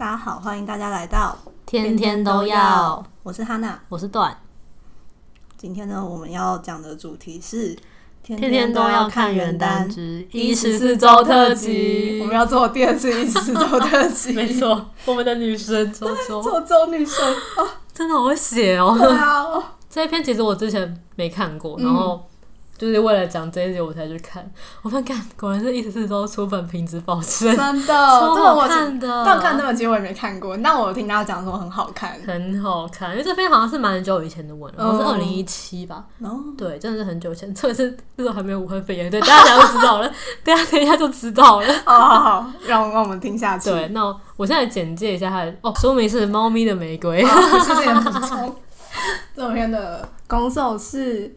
大家好，歡迎大家來到天天都要。天天都要，我是哈娜，我是段。今天呢，我們要講的主題是天天都要看原耽之一十四洲特輯。天天特，我們要做第二次一十四洲特輯， 沒錯，我們的女神洲洲， 洲洲女神啊，真的好會寫哦、喔。對啊，這一篇其實我之前沒看過，嗯、然後。就是為了講這些，我才去看，我看看果然是意思，是說出版品質保持真的，真的我看，看那麼久我也沒看過，那我聽大家講說很好看，很好看。因為這篇好像是蠻久以前的文了，嗯、好像是二零一七吧，嗯、對，真的是很久前，特別是如果還沒有武漢肺炎，對大家就知道了，大家 等一下就知道了。 好好好讓我，讓我們聽下去。對，那我現在簡介一下它哦，書名是《貓咪的玫瑰》哦， 這篇的攻受是，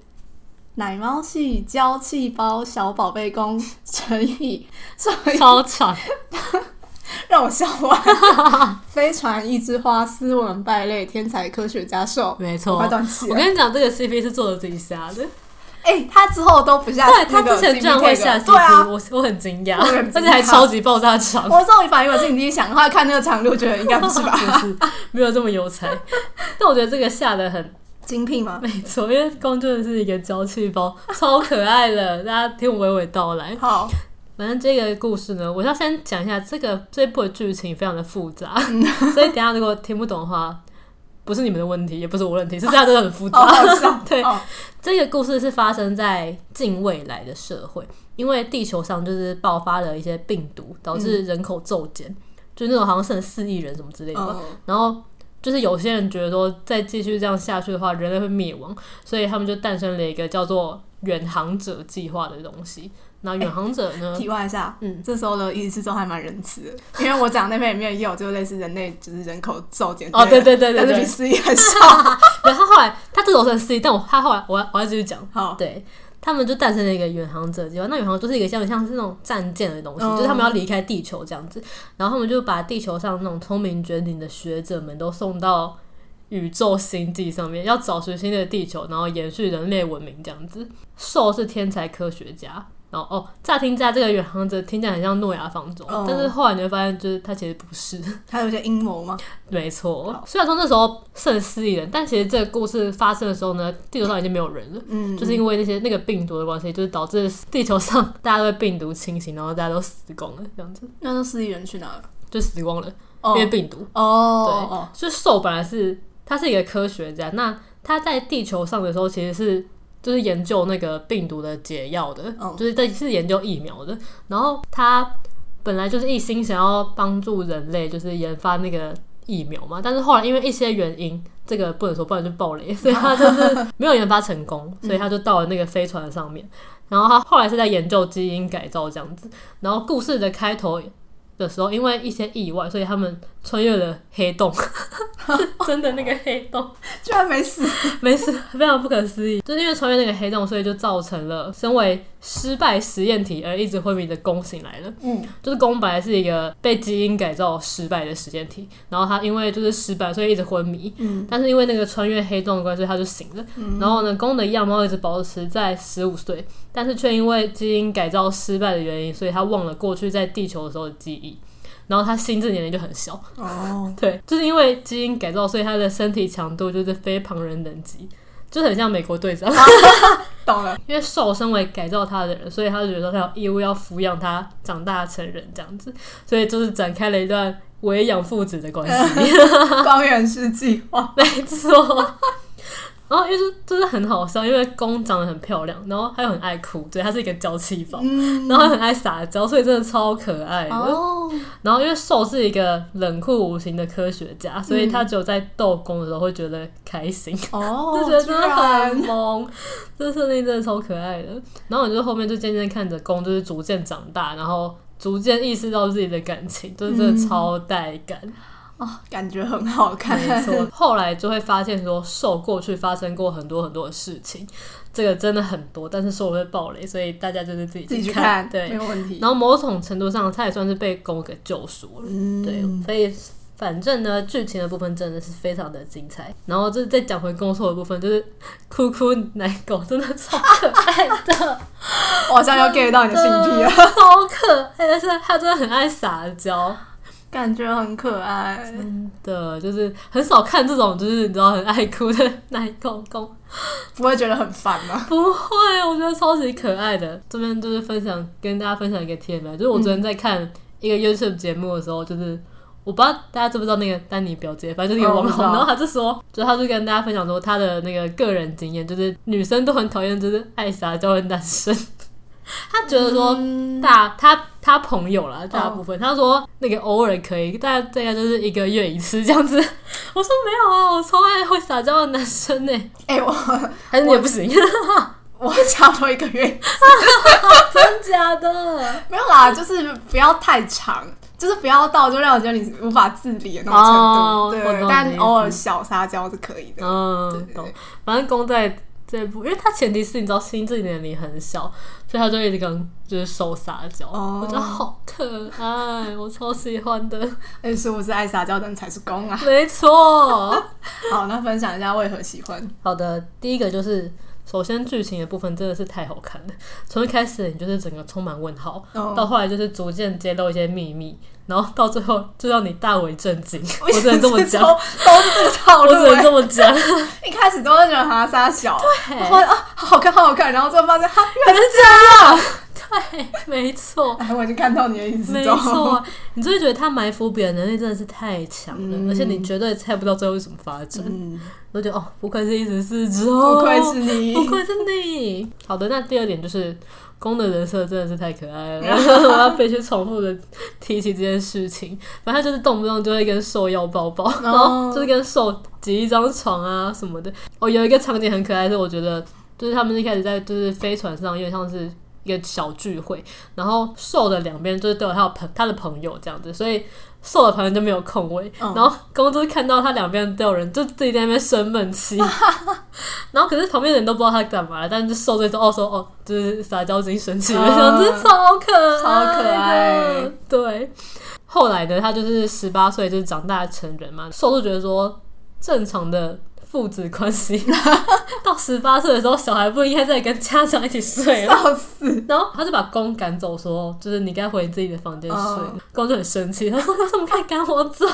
奶貓系嬌氣包，小寶貝公成毅超長，讓我笑完。飛船一枝花，斯文敗類，天才科學家受，沒錯，我快斷氣。我跟你講，這個 CP 是做的賊瞎的。哎，他之後都不下，對，他之前居然會下 CP，我我很驚訝，而且還超級爆炸強。我終於反應我自己想，的話看那個強度，覺得應該不是吧？是，沒有這麼有才。但我覺得這個下得很。精闢嗎？沒錯，因為攻真的是一個嬌氣包， 超可愛的。大家聽我娓娓道來。好，反正這個故事呢，我要先講一下。這個這一部的劇情非常的複雜，嗯、所以等一下如果聽不懂的話，不是你們的問題，也不是我的問題，是這樣真的很複雜。 對，這個故事是發生在近未來的社會，因為地球上就是爆發了一些病毒，導致人口驟減，嗯、就那種好像剩四億人什麼之類的。嗯、然後。就是有些人覺得說，再繼續這樣下去的話，人類會滅亡，所以他們就誕生了一個叫做“遠航者計劃”的東西。那遠航者呢？體、欸、外一下，嗯，這時候的意思說還蠻仁慈的，因為我講那邊也沒有，就類似人類就是人口驟減。哦，對對對，對，對，但是比失憶還少。對， 他後來他這時候算失憶但我他後來我要我要繼續講，好對。他們就誕生了一個遠航者計劃，那遠航就是一個像像是那種戰艦的東西，oh. 就是他們要離開地球這樣子，然後他們就把地球上那種聰明絕頂的學者們都送到宇宙星際上面，要找尋新的地球，然後延續人類文明這樣子。獸是天才科學家。哦哦，oh, oh, 乍聽在這個遠航者聽起來很像諾亞方舟，oh. 但是後來你會發現，就是他其實不是，他有些陰謀嘛？沒錯錯，oh. 雖然說那時候剩四億人，但其實這個故事發生的時候呢，地球上已經沒有人了，嗯、就是因為那些那個病毒的關係，就是導致地球上大家都被病毒侵襲，然後大家都死光了，這樣子。那這四億人去哪了？就死光了，oh. 因為病毒。哦、oh. 對，對哦，所以受本來是他是一個科學家，那他在地球上的時候其實是。就是研究那個病毒的解藥的，就是在是研究疫苗的。Oh. 然後他本來就是一心想要幫助人類，就是研發那個疫苗嘛。但是後來因為一些原因，這個不能說，不然就爆雷，所以他就是沒有研發成功，oh. 所以他就到了那個飛船上面。嗯。然後他後來是在研究基因改造這樣子。然後故事的開頭的時候，因為一些意外，所以他們。穿越了黑洞哈， 真的那個黑洞 居然沒死。沒死，非常不可思議。 就是因為穿越那個黑洞，所以就造成了身為失敗實驗體而一直昏迷的宮醒來了。嗯、就是宮本來是一個被基因改造失敗的實驗體，然後他因為就是失敗，所以一直昏迷。嗯、但是因為那個穿越黑洞的關係，他就醒了。然後呢，宮的樣貌一直保持在十五歲，但是卻因為基因改造失敗的原因，所以他忘了過去在地球的時候的記憶。然後他心智年齡就很小哦，oh. 對，就是因為基因改造，所以他的身體強度就是非旁人能及，就很像美國隊長。懂了，因為受身為改造他的人，所以他就覺得他有義務要撫養他長大成人，這樣子，所以就是展開了一段偽養父子的關係。光源氏計劃 沒，沒錯。然後因為、就是、就是很好笑，因為攻長得很漂亮，然後還有很愛哭，對，他是一個嬌氣包，嗯、然後很愛撒嬌，所以真的超可愛的。哦、然後因為受是一個冷酷無情的科學家，所以他只有在逗攻的時候會覺得開心，嗯、就覺得真的很萌，哦、這是那真的超可愛的。然後我就後面就漸漸看着攻，就是逐漸長大，然後逐漸意識到自己的感情，就真的超帶感。嗯感覺很好看，沒錯。後來就會發現說，受過去發生過很多很多的事情，這個真的很多，但是受會爆雷，所以大家就是自己去看自己去看，對，沒有問題。然後某種程度上，他也算是被攻給救贖了，嗯、對。所以反正呢，劇情的部分真的是非常的精彩。然後就是再講回攻受的部分，就是哭哭奶狗真的超可愛的， 我好像要 get 到你的興趣了，好 可愛的，但是，他真的很愛撒嬌。感覺很可愛，真的就是很少看這種，就是你知道很愛哭的奶狗狗，不會覺得很煩嗎？不會，我覺得超級可愛的。這邊就是分享，跟大家分享一個 TMI，就是我昨天在看一個 YouTube 節目的時候，就是我不知道大家知不知道那個丹尼表姐，反正就是一個網紅，哦、然後他就說，就他就跟大家分享說他的那個個人經驗，就是女生都很討厭，就是愛撒嬌的男生。他覺得說大，大他他朋友了大部分，他、哦、說那個偶爾可以，但大概就是一個月一次這樣子。我說沒有啊，我超愛會撒嬌的男生呢、欸。哎、欸，我，我還是也不行，我會差不多一個月、 啊。真假的？ 沒有啦，就是不要太長，就是不要到就讓我覺得你無法自理的那種程度。對，但偶爾小撒嬌是可以的。嗯，懂。反正攻在，這一部，因為他前提是你知道心智年齡很小，所以他就一直跟就是受撒嬌，oh. 我覺得好可愛，我超喜歡的。哎、欸，是不是愛撒嬌的人才是攻啊？沒錯錯。 好，那分享一下為何喜歡。好的，第一個就是。首先，劇情的部分真的是太好看了。從一開始你就是整個充滿問號，Oh. 到後來就是逐漸揭露一些秘密，然後到最後就讓你大為震驚。 我只能這麼講， 都是這套路。我只能這麼講， 一開始都覺得哈撒小，對，然後啊，好好看，好好看，然後最後發現原來，哈，真是這樣。對，沒錯。哎，我已經看到你的意思了。沒錯，啊，你就會覺得他埋伏別人能力真的是太強了，嗯，而且你絕對猜不到最後會怎麼發展。嗯，我就覺得哦，不愧是一十四洲哦，不愧是你，不愧是你。是你 好的，那第二點就是攻的人設真的是太可愛了。我要非去重複的提起這件事情，反正就是動不動就會跟受要抱抱，哦，然後就是跟受擠一張床啊什麼的。哦，有一個場景很可愛，是我覺得就是他們一開始在就是飛船上，有點像是。一個小聚會，然後瘦的兩邊就是都有他朋他的朋友這樣子，所以瘦的旁邊就沒有空位。嗯、然後公司看到他兩邊都有人，就自己在那邊生悶氣。啊、然後可是旁邊的人都不知道他幹嘛，但是瘦的就哦說哦，就是撒嬌精神奇，神氣的樣子，超可超可愛。對，後來呢他就是十八歲，就是長大的成人嘛。瘦就覺得說正常的。父子關係到十八歲的時候，小孩，不應該再跟家長一起睡了，然後他就把攻趕走，說：“就是你該回自己的房間睡。”攻就很生氣，他說：“你怎麼可以趕我走？”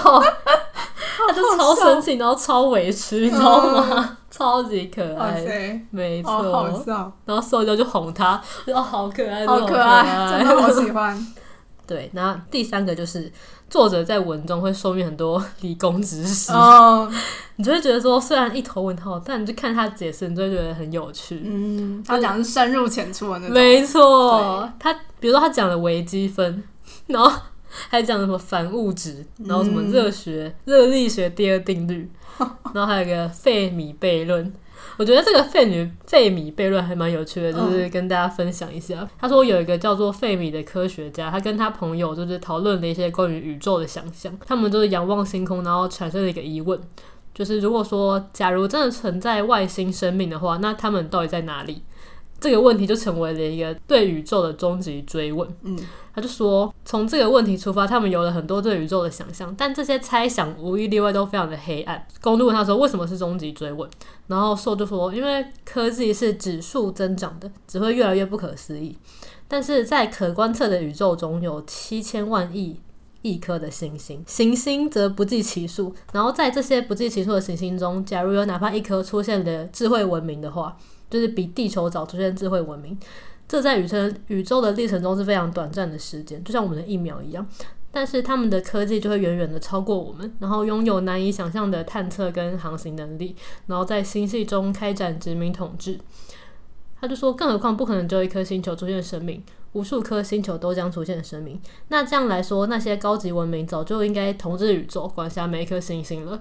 他就超生氣，然後超委屈，你知道嗎？超級可愛，沒錯，然後受就哄他，說：“好可愛，好可愛，真的好喜歡。”對，然後第三個就是作者在文中會說明很多理工知識，oh. 你就會覺得說雖然一頭霧水，但你就看他解釋，你就會覺得很有趣。嗯，他講的是深入淺出的那種，沒錯。對他比如說他講了微積分，然後還講什麼反物質，然後什麼熱學、嗯、熱力學第二定律，然後還有個費米悖論。我覺得這個費女費米悖論還蠻有趣的，就是跟大家分享一下。嗯、他說有一個叫做費米的科學家，他跟他朋友就是討論了一些關於宇宙的想象。他們就是仰望星空，然後產生了一個疑問，就是如果說假如真的存在外星生命的話，那他們到底在哪裡？這個問題就成為了一個對宇宙的終極追問。嗯，他就說，從這個問題出發，他們有了很多對宇宙的想象，但這些猜想無一例外都非常的黑暗。公路問他說，為什麼是終極追問？然後說就說，因為科技是指數增長的，只會越來越不可思議。但是在可觀測的宇宙中有七千萬億億顆的星星，行星則不計其數。然後在這些不計其數的行星中，假如有哪怕一顆出現的智慧文明的話。就是比地球早出現智慧文明，這在宇宙宇宙的歷程中是非常短暫的時間，就像我們的一秒一樣。但是他們的科技就會遠遠的超過我們，然後擁有難以想象的探測跟航行能力，然後在星系中開展殖民統治。他就說，更何況不可能只有一顆星球出現生命，無數顆星球都將出現生命。那這樣來說，那些高級文明早就應該統治宇宙，管轄每一顆星星了。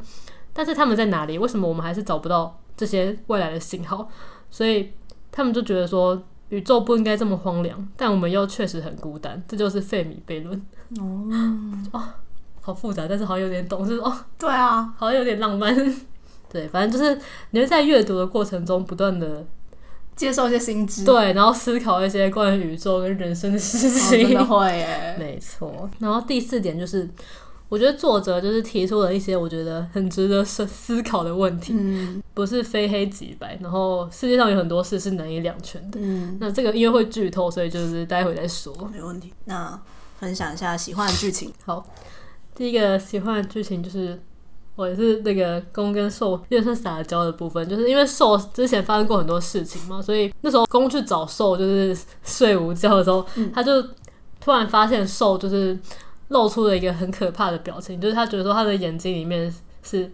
但是他們在哪裡？為什麼我們還是找不到這些未來的信號？所以他們就覺得說，宇宙不應該這麼荒涼，但我們又確實很孤單，這就是費米悖論。Oh. 哦，好複雜，但是好像有點懂，就是哦，對啊，好像有點浪漫， 對，反正就是你會在閱讀的過程中不斷的接受一些新知，對，然後思考一些關於宇宙跟人生的事情，oh, 真的會耶，沒錯。然後第四點就是。我覺得作者就是提出了一些我覺得很值得思考的問題，嗯、不是非黑即白。然後世界上有很多事是難以兩全的。嗯、那這個因為會劇透，所以就是待會再說。沒問題。那分享一下喜歡的劇情。好，第一個喜歡的劇情就是、嗯、我也是那個攻跟受變身撒嬌的部分，就是因為受之前發生過很多事情嘛，所以那時候攻去找受就是睡午覺的時候，嗯、他就突然發現受就是。露出了一個很可怕的表情，就是他覺得說他的眼睛裡面是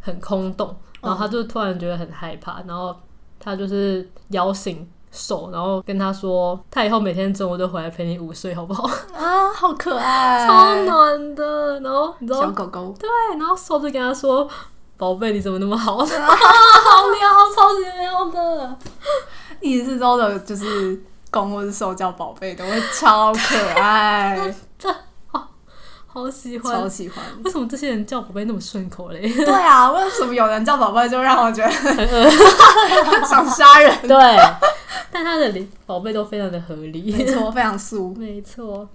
很空洞，哦、然後他就突然覺得很害怕，然後他就是搖醒受，然後跟他說，他以後每天中午都回來陪你午睡好不好？啊，好可愛，哎、超暖的。然後你知道小狗狗對，然後受就跟他說，寶貝你怎麼那麼好？啊 啊、好撩，超級撩的。你是知道的就是攻或是受叫寶貝都會超可愛。 超喜歡，超喜歡。為什麼這些人叫寶貝那麼順口嘞？對啊，為什麼有人叫寶貝就讓我覺得很噁 想殺人？對，但他的寶貝都非常的合理，沒錯，非常俗，沒錯，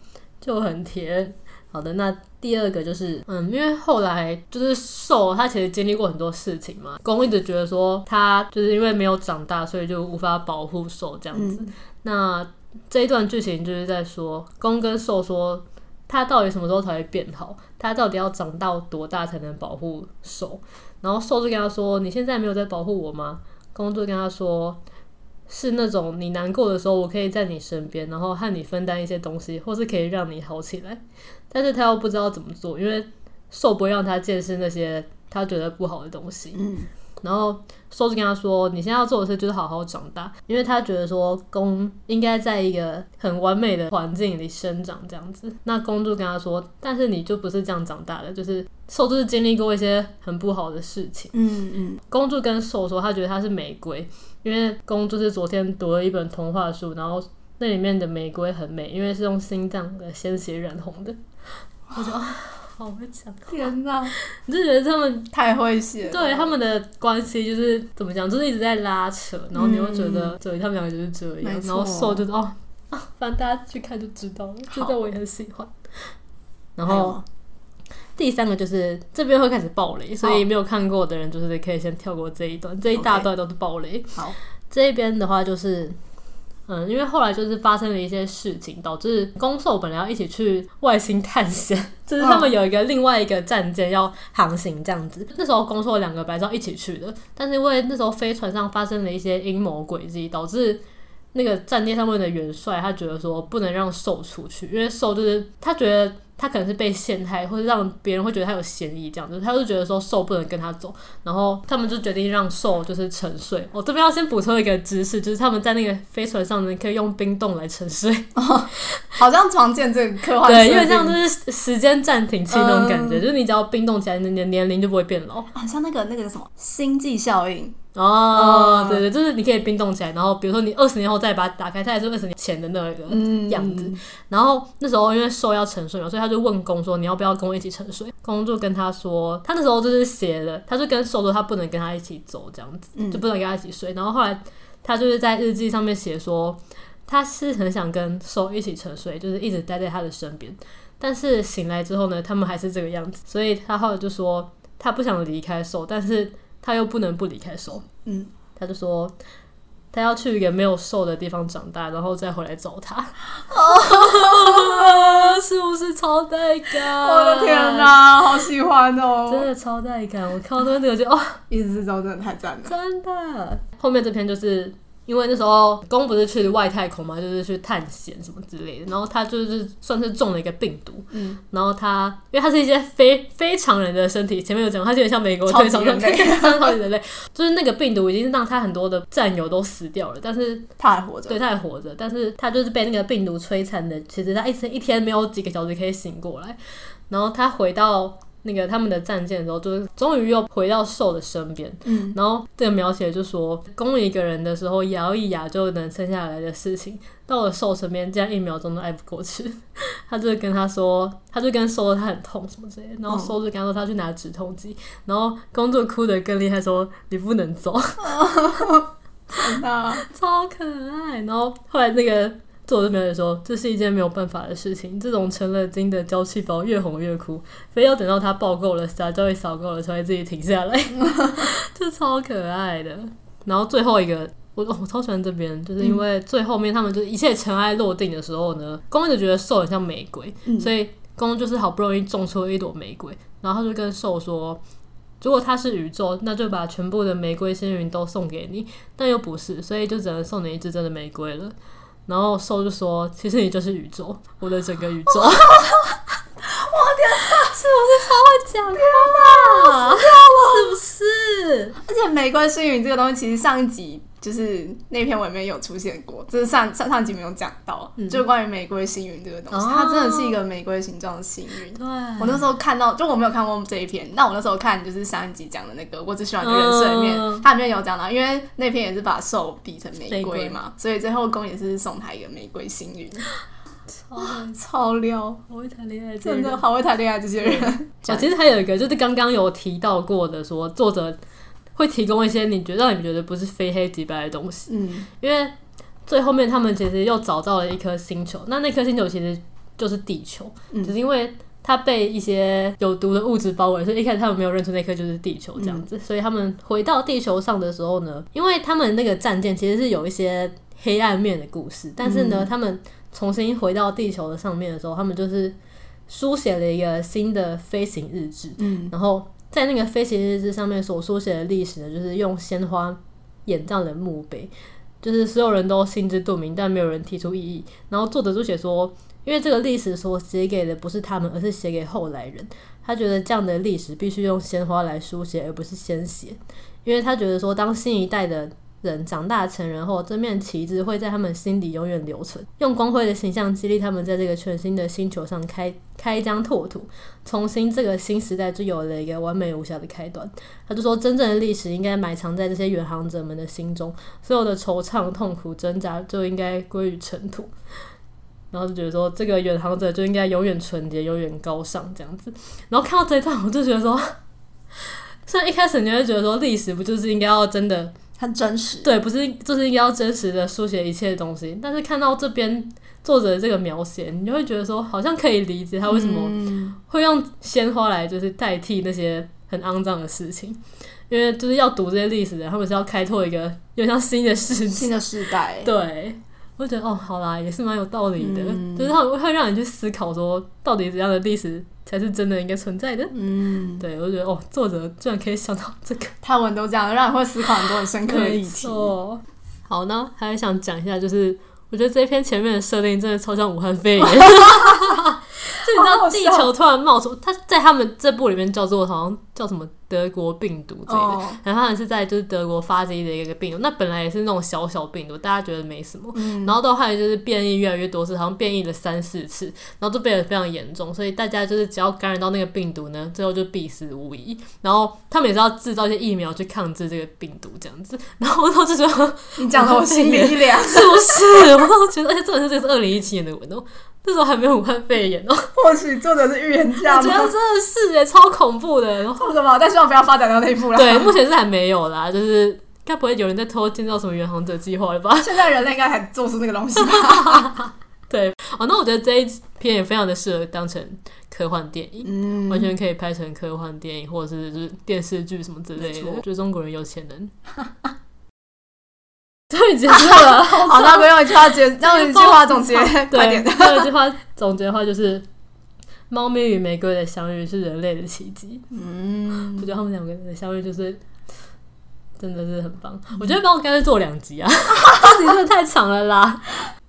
就很甜。好的，那第二個就是，嗯，因為後來就是受，他其實經歷過很多事情嘛。攻一直覺得說他就是因為沒有長大，所以就無法保護受這樣子。嗯、那這一段劇情就是在說攻跟受說。他到底什麼時候才會變好？他到底要長到多大才能保護受？然後受就跟他說：“你現在沒有在保護我嗎？”工作跟他說：“是那種你難過的時候，我可以在你身邊，然後和你分擔一些東西，或是可以讓你好起來。”但是他又不知道怎麼做，因為受不會讓他見識那些他覺得不好的東西。嗯。然後獸就跟他說：“你現在要做的事就是好好長大，因為他覺得說公應該在一個很完美的環境裡生長這樣子。”那公主跟他說：“但是你就不是這樣長大的，就是獸就是經歷過一些很不好的事情。嗯”嗯嗯。公主跟獸說：“他覺得他是玫瑰，因為公主是昨天讀了一本童話書，然後那裡面的玫瑰很美，因為是用心臟的鮮血染紅的。哇”我說。天哪！ 你就覺得他們太會寫，對他們的關係就是怎麼講，就是一直在拉扯，然後你會覺得，對、嗯，他們兩個就是這樣，錯然後說就是哦、啊，反正大家去看就知道了。好就這段我也很喜歡。然後有第三個就是這邊會開始暴雷，所以沒有看過的人就是可以先跳過這一段，好這一大段都是暴雷。好，這邊的話就是。嗯，因為後來就是發生了一些事情，導致攻受本來要一起去外星探險，就是他們有一個另外一個戰艦要航行這樣子。哦。那時候攻受兩個白昭一起去的，但是因為那時候飛船上發生了一些陰謀詭計，導致那個戰艦上面的元帥他覺得說不能讓受出去，因為受就是他覺得。他可能是被陷害，或者讓別人會覺得他有嫌疑這樣子，他就覺得說受不能跟他走，然後他們就決定讓受就是沉睡。我、喔、這邊要先補充一個知識，就是他們在那個飛船上呢，可以用冰凍來沉睡、哦，好像常見這個科幻。對，因為這樣就是時間暫停器那種感覺，呃、就是你只要冰凍起來，你的年齡就不會變老。好像那個那個什麼星際效應。哦，oh, 對對，就是你可以冰凍起來，然後比如說你二十年後再把它打開，它也是二十年前的那個樣子。嗯、然後那時候因為受要沉睡嘛，所以他就問攻說：“你要不要跟我一起沉睡？”攻，攻就跟他說：“他那時候就是寫了，他就跟受說他不能跟他一起走，這樣子、嗯、就不能跟他一起睡。”然後後來他就是在日記上面寫說：“他是很想跟受一起沉睡，就是一直待在他的身邊。”但是醒來之後呢，他們還是這個樣子，所以他後來就說他不想離開受，但是。他又不能不離開受，嗯，他就說他要去一個沒有受的地方長大，然後再回來找他。哦、 是不是超帶感？我的天哪，好喜歡哦、喔！真的超帶感，我看到那個就哦，一十四洲真的太讚了，真的。後面這篇就是。因為那時候，攻不是去外太空嘛，就是去探險什麼之類的。然後他就是算是中了一個病毒，嗯、然後他，因為他是一些非非常人的身體，前面有講，他就像美國隊長，超級人類的， 超級人類，就是那個病毒已經是讓他很多的戰友都死掉了，但是他還活着，對，他還活着，但是他就是被那個病毒摧殘的，其實他一一天沒有幾個小時可以醒過來，然後他回到。那個他們的戰艦的時候，就終於又回到受的身邊。嗯、然後這個描寫就說，攻一個人的時候咬一咬就能撐下來的事情，到了受身邊，這樣一秒鐘都挨不過去。 他就跟他說，他就跟受說他很痛什麼之類的。然後受就跟他說他去拿止痛劑。嗯、然後工作哭得更厲害說，說你不能走。 好啊，超可愛。然後後來那個。我就跟他說，這是一件沒有辦法的事情。這種成了精的嬌氣包，越哄越哭，非要等到他抱夠了，撒嬌也撒夠了，才會自己停下來。這 超可愛的。然後最後一個，我我超喜歡這邊，就是因為最後面他們就是一切塵埃落定的時候呢，攻就覺得受很像玫瑰，所以攻就是好不容易種出了一朵玫瑰，然後他就跟受說：“如果他是宇宙，那就把全部的玫瑰星雲都送給你，但又不是，所以就只能送你一隻真的玫瑰了。”然後受就說：“其實你就是宇宙，我的整個宇宙。”我的天，老師，是不是超會講，天哪，我是，是，哪是不是？而且玫瑰星雲這個東西，其實上一集。就是那篇文沒有出現過，就是上上上集沒有講到，嗯、就是關於玫瑰星雲這個東西，哦、它真的是一個玫瑰形狀的星雲。對，我那時候看到，就我沒有看過這一篇，那我那時候看就是上一集講的那個，我只喜歡你的人設裡面，嗯、它裡面有講到，因為那篇也是把獸比成玫瑰嘛，歸所以最後攻也是送他一個玫瑰星雲，超超撩料，好會談戀愛，真的好會談戀愛，這些人。我對、 啊、其實還有一個，就是剛剛有提到過的說，說作者。會提供一些你覺得讓你覺得不是非黑即白的東西，嗯，因為最後面他們其實又找到了一顆星球，那那顆星球其實就是地球，嗯，只是因為就是因為它被一些有毒的物質包圍，所以一開始他們沒有認出那顆就是地球這樣子，嗯、所以他們回到地球上的時候呢，因為他們那個戰艦其實是有一些黑暗面的故事，但是呢，嗯、他們重新回到地球的上面的時候，他們就是書寫了一個新的飛行日誌，嗯，然後。在那個飛行日志上面所書寫的歷史呢，就是用鮮花掩葬的墓碑，就是所有人都心知肚明，但沒有人提出異議。然後作者就寫說，因為這個歷史所寫給的不是他們，而是寫給後來人。他覺得這樣的歷史必須用鮮花來書寫，而不是鮮血，因為他覺得說，當新一代的。人長大成人後，這面旗幟會在他們心底永遠留存，用光輝的形象激勵他們在這個全新的星球上開開疆拓土，重新這個新時代就有了一個完美無瑕的開端。他就說，真正的歷史應該埋藏在這些遠航者們的心中，所有的惆悵、痛苦、掙扎就應該歸於塵土。然後就覺得說，這個遠航者就應該永遠純潔、永遠高尚這樣子。然後看到這一段，我就覺得說，雖然一開始你會覺得說，歷史不就是應該要真的。真實對，不是，就是應該要真實的書寫一切東西。但是看到這邊作者的這個描寫，你就會覺得說，好像可以理解他為什麼會用鮮花來就是代替那些很骯髒的事情，因為就是要讀這些歷史的，他們是要開拓一個有像新的世新的時代，代對。我覺得哦，好啦，也是蠻有道理的，嗯、就是他會讓你去思考說，到底怎樣的歷史才是真的應該存在的？嗯，對我覺得哦，作者居然可以想到這個，他們都這樣，讓人會思考很多很深刻的議題。哦，好呢，還想講一下，就是我覺得這篇前面的設定真的超像武漢肺炎。 你知道地球突然冒出，他在他們這部裡面叫做好像叫什麼德國病毒之類的，哦、然後好像是在就是德國發生的一個病毒，那本來也是那種小小病毒，大家覺得沒什麼，嗯、然後到後來就是變異越來越多次，好像變異了三四次，然後就變得非常嚴重，所以大家就是只要感染到那個病毒呢，最後就必死無疑。然後他們也是要制造一些疫苗去抗制這個病毒這樣子，然後都是說，你講的我心裡一涼、嗯，是不是？我都覺得，哎，這好像是二零一七年的文。哦這時候還沒有武漢肺炎哦，或 許作者是預言家。我覺得真的是誒，超恐怖的。為什麼？但希望不要發展到那一步了。對，目前是還沒有啦，就是該不會有人在偷偷建造什麼“遠航者”計劃了吧？現在人類應該還做出那個東西吧。 對哦，那我覺得這一篇也非常的適合當成科幻電影，嗯，完全可以拍成科幻電影或者是，就是電視劇什麼之類的。我覺得中國人有錢人。 終於結束了，好，大哥要一句話結，用一句話總結，對，用一句話總結的話就是：貓咪與玫瑰的相遇是人類的奇蹟。嗯，我覺得他們兩個人的相遇就是真的是很棒。我覺得剛我乾脆做兩集啊，這集真的太長了啦。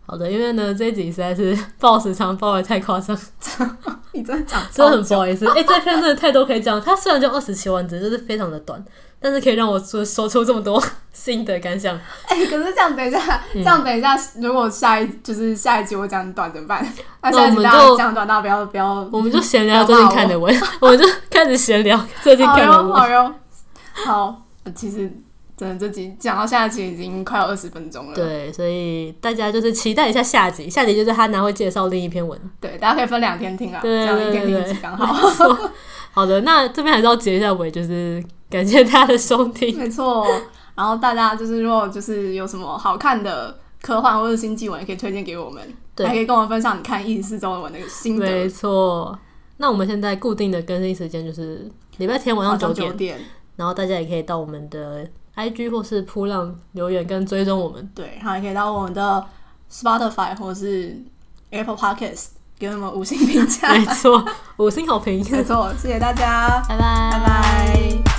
好的，因為呢，這集實在是爆時長爆的太誇張，你真的長，真的很不好意思。哎，這篇真的太多可以講，它雖然就二十七萬字，就是非常的短。但是可以讓我說說出這麼多心得感想。哎、欸，可是這樣等一下，嗯、這樣等一下，如果下一就是下一集我講短怎麼辦？那，那下一集就講短，大家不要不要。不要我們就閒聊，最近看的文，我就開始閒聊，最近看的文。好好好。其實，真的這集講到下一集已經快二十分鐘了。對，所以大家就是期待一下下集，下集就是 Hana 會介紹另一篇文。對，大家可以分兩天聽啊，對對對對對，這樣一天聽一集剛好， 好。好的，那這邊還是要結一下尾，就是。感謝大家的收聽。沒錯，然後大家就是如果就是有什麼好看的科幻或者星際文，也可以推薦給我們，對還可以跟我們分享你看一十四洲的文那個心得。沒錯，那我們現在固定的更新時間就是禮拜天晚上九點，點然後大家也可以到我們的 IG 或是噗浪留言跟追蹤我們，對，然後也可以到我們的 Spotify 或是 Apple Podcast 給我們五星評價。沒錯，五星好評。沒錯，謝謝大家，拜拜 Bye bye,，拜拜。